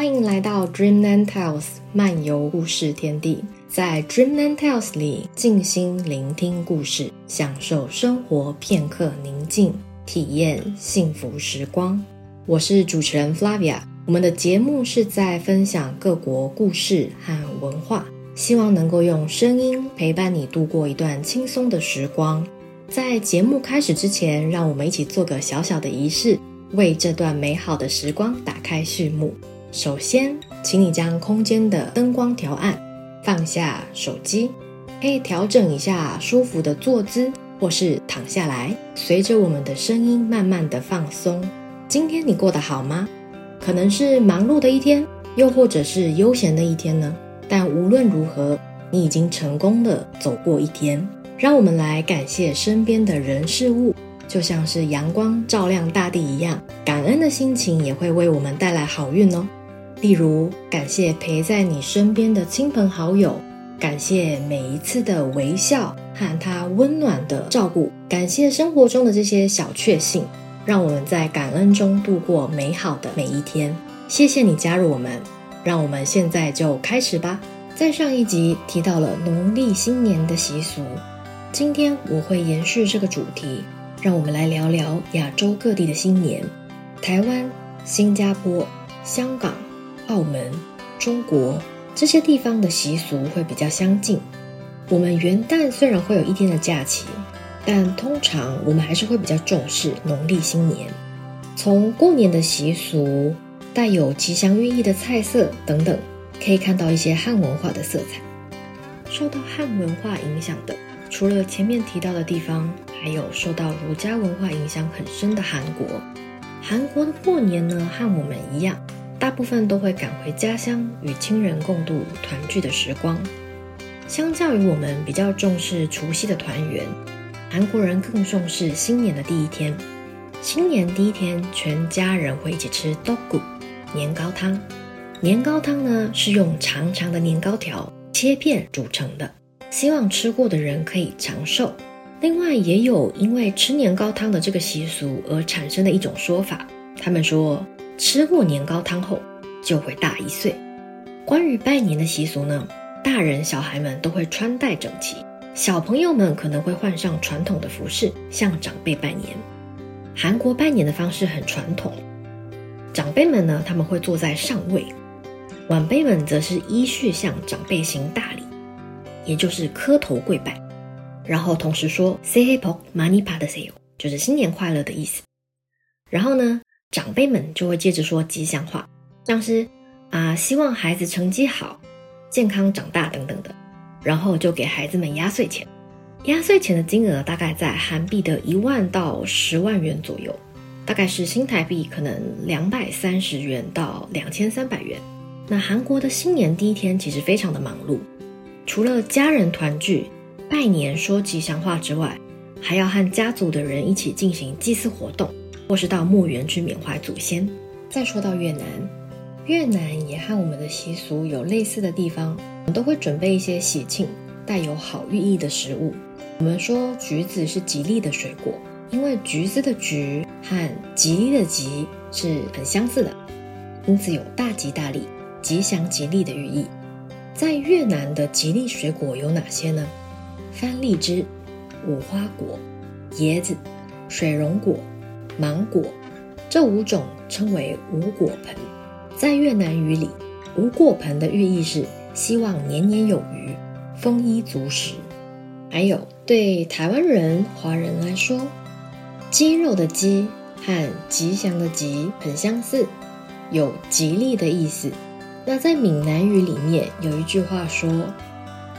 歡迎來到 Dreamland Tales 漫遊故事天地，在 Dreamland Tales 裡靜心聆聽故事，享受生活片刻寧靜，體驗幸福時光。我是主持人 Flavia，我們的節目是在分享各國故事和文化，希望能夠用聲音陪伴你度過一段輕鬆的時光。在節目開始之前，讓我們一起做個小小的儀式，為這段美好的時光打開序幕。首先，請你將空間的燈光調暗，放下手機，可以調整一下舒服的坐姿，或是躺下來。隨着我們的聲音，慢慢地放鬆。今天你過得好嗎？可能是忙碌的一天，又或者是悠閒的一天呢？但無論如何，你已經成功的走過一天。讓我們來感謝身邊的人事物，就像是陽光照亮大地一樣，感恩的心情也會為我們帶來好運哦。例如，感謝陪在你身邊的親朋好友，感謝每一次的微笑和他溫暖的照顧，感謝生活中的這些小確幸，讓我們在感恩中度過美好的每一天。謝謝你加入我們，讓我們現在就開始吧。在上一集提到了農曆新年的習俗，今天我會延續這個主題，讓我們來聊聊亞洲各地的新年：台灣、新加坡、香港。澳門、中國這些地方的習俗會比較相近。我們元旦雖然會有一天的假期，但通常我們還是會比較重視農曆新年。從過年的習俗、帶有吉祥寓意的菜色等等，可以看到一些漢文化的色彩。受到漢文化影響的，除了前面提到的地方，還有受到儒家文化影響很深的韓國。韓國的過年呢，和我們一樣。大部分都會趕回家鄉與親人共度團聚的時光。相較於我們比較重視除夕的團圓，韓國人更重視新年的第一天。新年第一天，全家人會一起吃떡국（年糕湯）。年糕湯呢，是用長長的年糕條切片煮成的，希望吃過的人可以長壽。另外，也有因為吃年糕湯的這個習俗而產生的一種說法，他們說。吃過年糕湯後就會大一歲。關於拜年的習俗呢，大人小孩們都會穿戴整齊，小朋友們可能會換上傳統的服飾向長輩拜年。韓國拜年的方式很傳統，長輩們呢，他們會坐在上位，晚輩們則是依序向長輩行大禮，也就是磕頭跪拜，然後同時說 “sehipok manipaseo”，d 就是新年快樂的意思。然後呢，長輩們就會接着說吉祥話，像是啊，希望孩子成績好、健康長大等等的，然後就給孩子們壓歲錢。壓歲錢的金額大概在韓幣的一萬到十萬元左右，大概是新台幣可能兩百三十元到兩千三百元。那韓國的新年第一天其實非常的忙碌，除了家人團聚、拜年說吉祥話之外，還要和家族的人一起進行祭祀活動。或是到墓園去緬懷祖先。再說到越南，越南也和我們的習俗有類似的地方，我們都會準備一些喜慶、帶有好寓意的食物。我們說橘子是吉利的水果，因為橘子的“橘”和吉利的“吉”是很相似的，因此有大吉大利、吉祥吉利的寓意。在越南的吉利水果有哪些呢？番荔枝、無花果、椰子、水溶果。芒果，這五種稱為五果盆。在越南語裡，“五果盆”的寓意是希望年年有餘、豐衣足食。還有，對台灣人、華人來說，“雞肉”的“雞”和“吉祥”的“吉”很相似，有吉利的意思。那在閩南語裡面有一句話說：“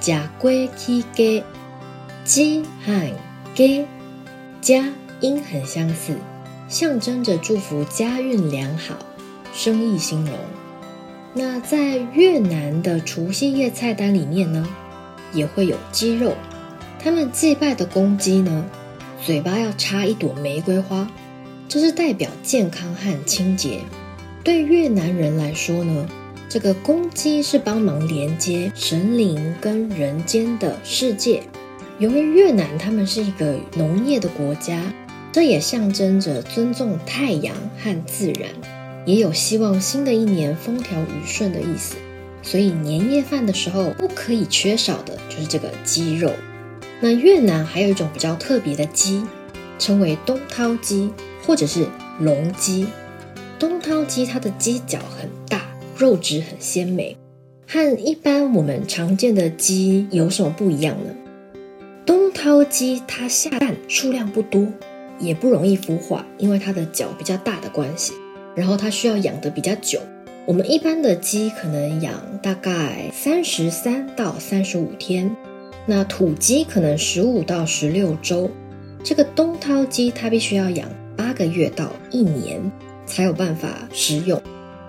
甲龜起雞，雞和雞家音很相似。”象徵着祝福家運良好，生意興隆。那在越南的除夕夜菜單裡面呢，也會有雞肉。他們祭拜的公雞呢，嘴巴要插一朵玫瑰花，這是代表健康和清潔。對越南人來說呢，這個公雞是幫忙連接神靈跟人間的世界。由於越南他們是一個農業的國家。這也象徵着尊重太陽和自然，也有希望新的一年風調雨順的意思。所以年夜飯的時候不可以缺少的就是這個雞肉。那越南還有一種比較特別的雞，稱為東濤雞或者是龍雞。東濤雞它的雞腳很大，肉質很鮮美，和一般我們常見的雞有什麼不一樣呢？東濤雞它下蛋數量不多。也不容易孵化，因為它的腳比較大的關係，然後它需要養得比較久。我們一般的雞可能養大概三十三到三十五天，那土雞可能十五到十六週，這個東濤雞它必須要養八個月到一年才有辦法食用，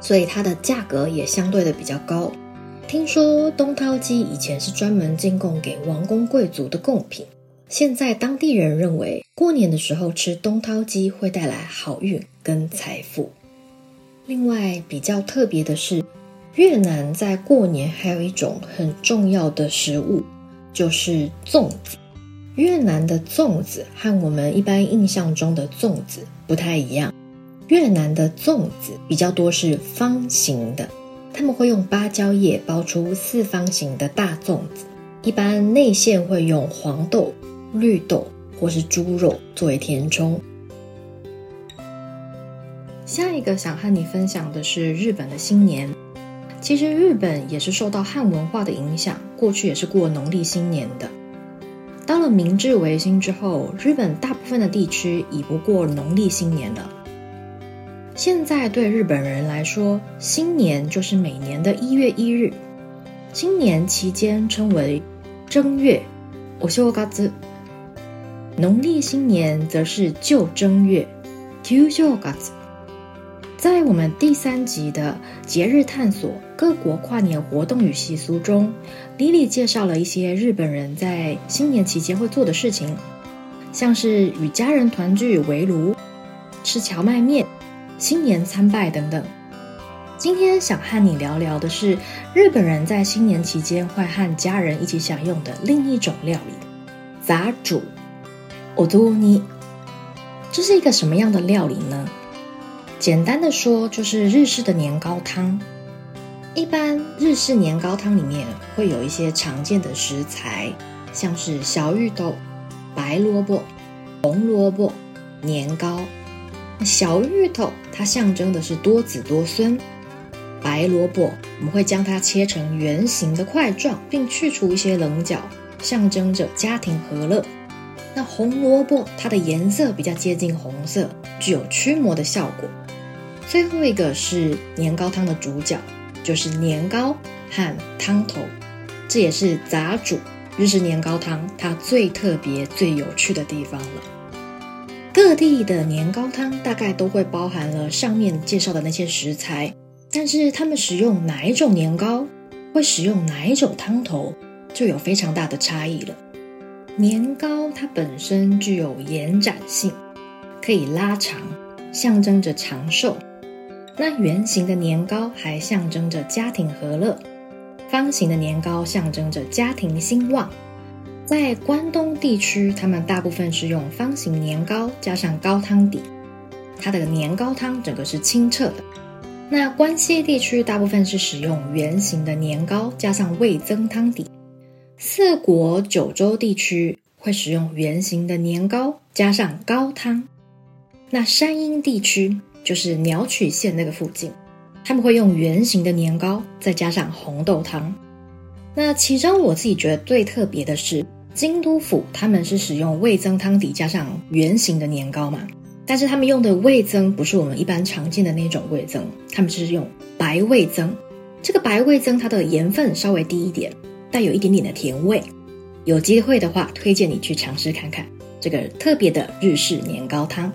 所以它的價格也相對的比較高。聽說東濤雞以前是專門進貢給王公貴族的貢品。現在當地人認為，過年的時候吃東濤雞會帶來好運跟財富。另外，比較特別的是，越南在過年還有一種很重要的食物，就是粽子。越南的粽子和我們一般印象中的粽子不太一樣，越南的粽子比較多是方形的，他們會用芭蕉葉包出四方形的大粽子，一般內餡會用黃豆。綠豆或是豬肉作為填充。下一個想和你分享的是日本的新年。其實日本也是受到漢文化的影響，過去也是過農曆新年的。到了明治維新之後，日本大部分的地區已不過農曆新年了。現在對日本人來說，新年就是每年的一月一日。新年期間稱為正月。おしょうがつ。農曆新年則是舊正月。舊正月。在我們第三集的節日探索各國跨年活動與習俗中，Lily 介紹了一些日本人在新年期間會做的事情，像是與家人團聚圍爐、吃蕎麥麵、新年參拜等等。今天想和你聊聊的是日本人在新年期間會和家人一起享用的另一種料理——雜煮。我都你，這是一個什麼樣的料理呢？簡單的說，就是日式的年糕湯。一般日式年糕湯裡面會有一些常見的食材，像是小芋頭、白蘿蔔、紅蘿蔔、年糕。小芋頭它象徵的是多子多孫，白蘿蔔我們會將它切成圓形的塊狀，並去除一些棱角，象徵着家庭和樂。那紅蘿蔔它的顏色比較接近紅色，具有驅魔的效果。最後一個是年糕湯的主角，就是年糕和湯頭，這也是雜煮日式年糕湯它最特別、最有趣的地方了。各地的年糕湯大概都會包含了上面介紹的那些食材，但是他們使用哪一種年糕，會使用哪一種湯頭，就有非常大的差異了。年糕它本身具有延展性，可以拉長，象徵着長壽。那圓形的年糕還象徵着家庭和樂，方形的年糕象徵着家庭興旺。在關東地區，他們大部分是用方形年糕加上高湯底，它的年糕湯整個是清澈的。那關西地區大部分是使用圓形的年糕加上味噌湯底。四國九州地區會使用圓形的年糕加上高湯，那山陰地區就是鳥取縣那個附近，他們會用圓形的年糕再加上紅豆湯。那其中我自己覺得最特別的是京都府，他們是使用味噌湯底加上圓形的年糕嘛，但是他們用的味噌不是我們一般常見的那種味噌，他們就是用白味噌，這個白味噌它的鹽分稍微低一點。帶有一點點的甜味，有機會的話，推薦你去嘗試看看這個特別的日式年糕湯。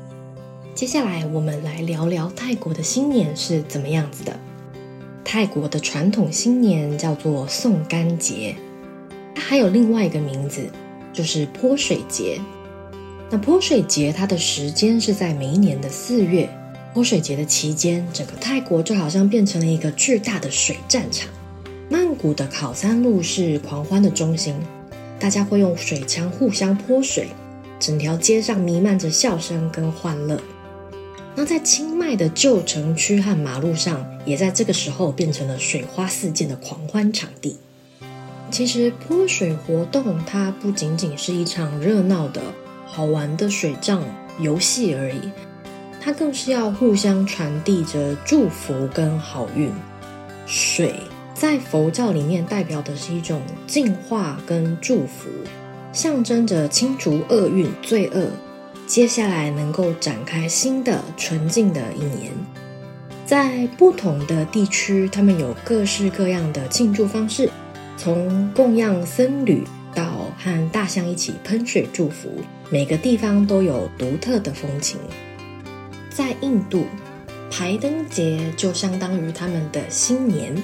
接下來，我們來聊聊泰國的新年是怎麼樣子的。泰國的傳統新年叫做宋干節，它還有另外一個名字，就是潑水節。那潑水節它的時間是在每一年的四月。潑水節的期間，整個泰國就好像變成了一個巨大的水戰場。曼谷的考山路是狂歡的中心，大家會用水槍互相潑水，整條街上彌漫着笑聲跟歡樂。那在清邁的舊城區和馬路上，也在這個時候變成了水花四濺的狂歡場地。其實潑水活動它不僅僅是一場熱鬧的好玩的水仗遊戲而已，它更是要互相傳遞着祝福跟好運。水。在佛教裡面，代表的是一種淨化跟祝福，象徵着清除厄運、罪惡，接下來能夠展開新的純淨的一年。在不同的地區，他們有各式各樣的慶祝方式，從供養僧侶到和大象一起噴水祝福，每個地方都有獨特的風情。在印度，排燈節就相當於他們的新年。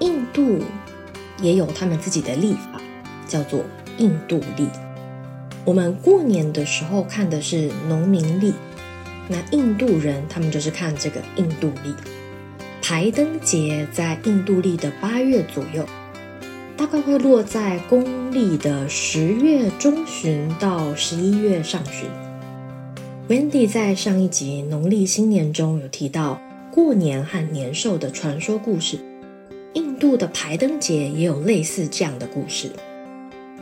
印度也有他們自己的曆法，叫做印度曆。我們過年的時候看的是農民曆，那印度人他們就是看這個印度曆。排燈節在印度曆的八月左右，大概會落在公曆的十月中旬到十一月上旬。Wendy 在上一集農曆新年中有提到過年和年獸的傳說故事。印度的排燈節也有類似這樣的故事。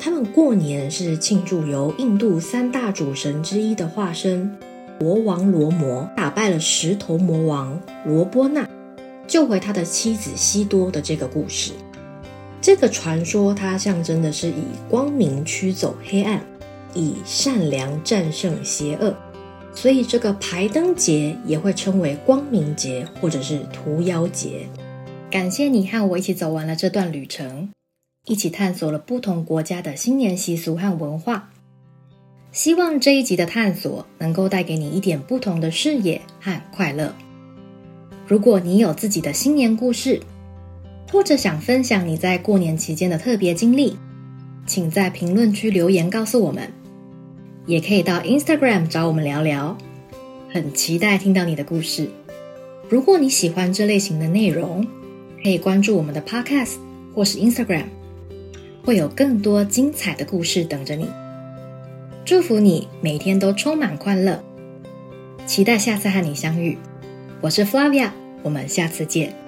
他們過年是慶祝由印度三大主神之一的化身國王羅摩打敗了十頭魔王羅波那，救回他的妻子西多的這個故事。這個傳說它象徵的是以光明驅走黑暗，以善良戰勝邪惡。所以這個排燈節也會稱為光明節或者是屠妖節。感謝你和我一起走完了這段旅程，一起探索了不同國家的新年習俗和文化。希望這一集的探索能夠帶給你一點不同的視野和快樂。如果你有自己的新年故事，或者想分享你在過年期間的特別經歷，請在評論區留言告訴我們，也可以到 Instagram 找我們聊聊。很期待聽到你的故事。如果你喜歡這類型的內容，可以關注我們的 Podcast 或是 Instagram，會有更多精彩的故事等着你。祝福你每天都充滿快樂，期待下次和你相遇。我是 Flavia，我們下次見。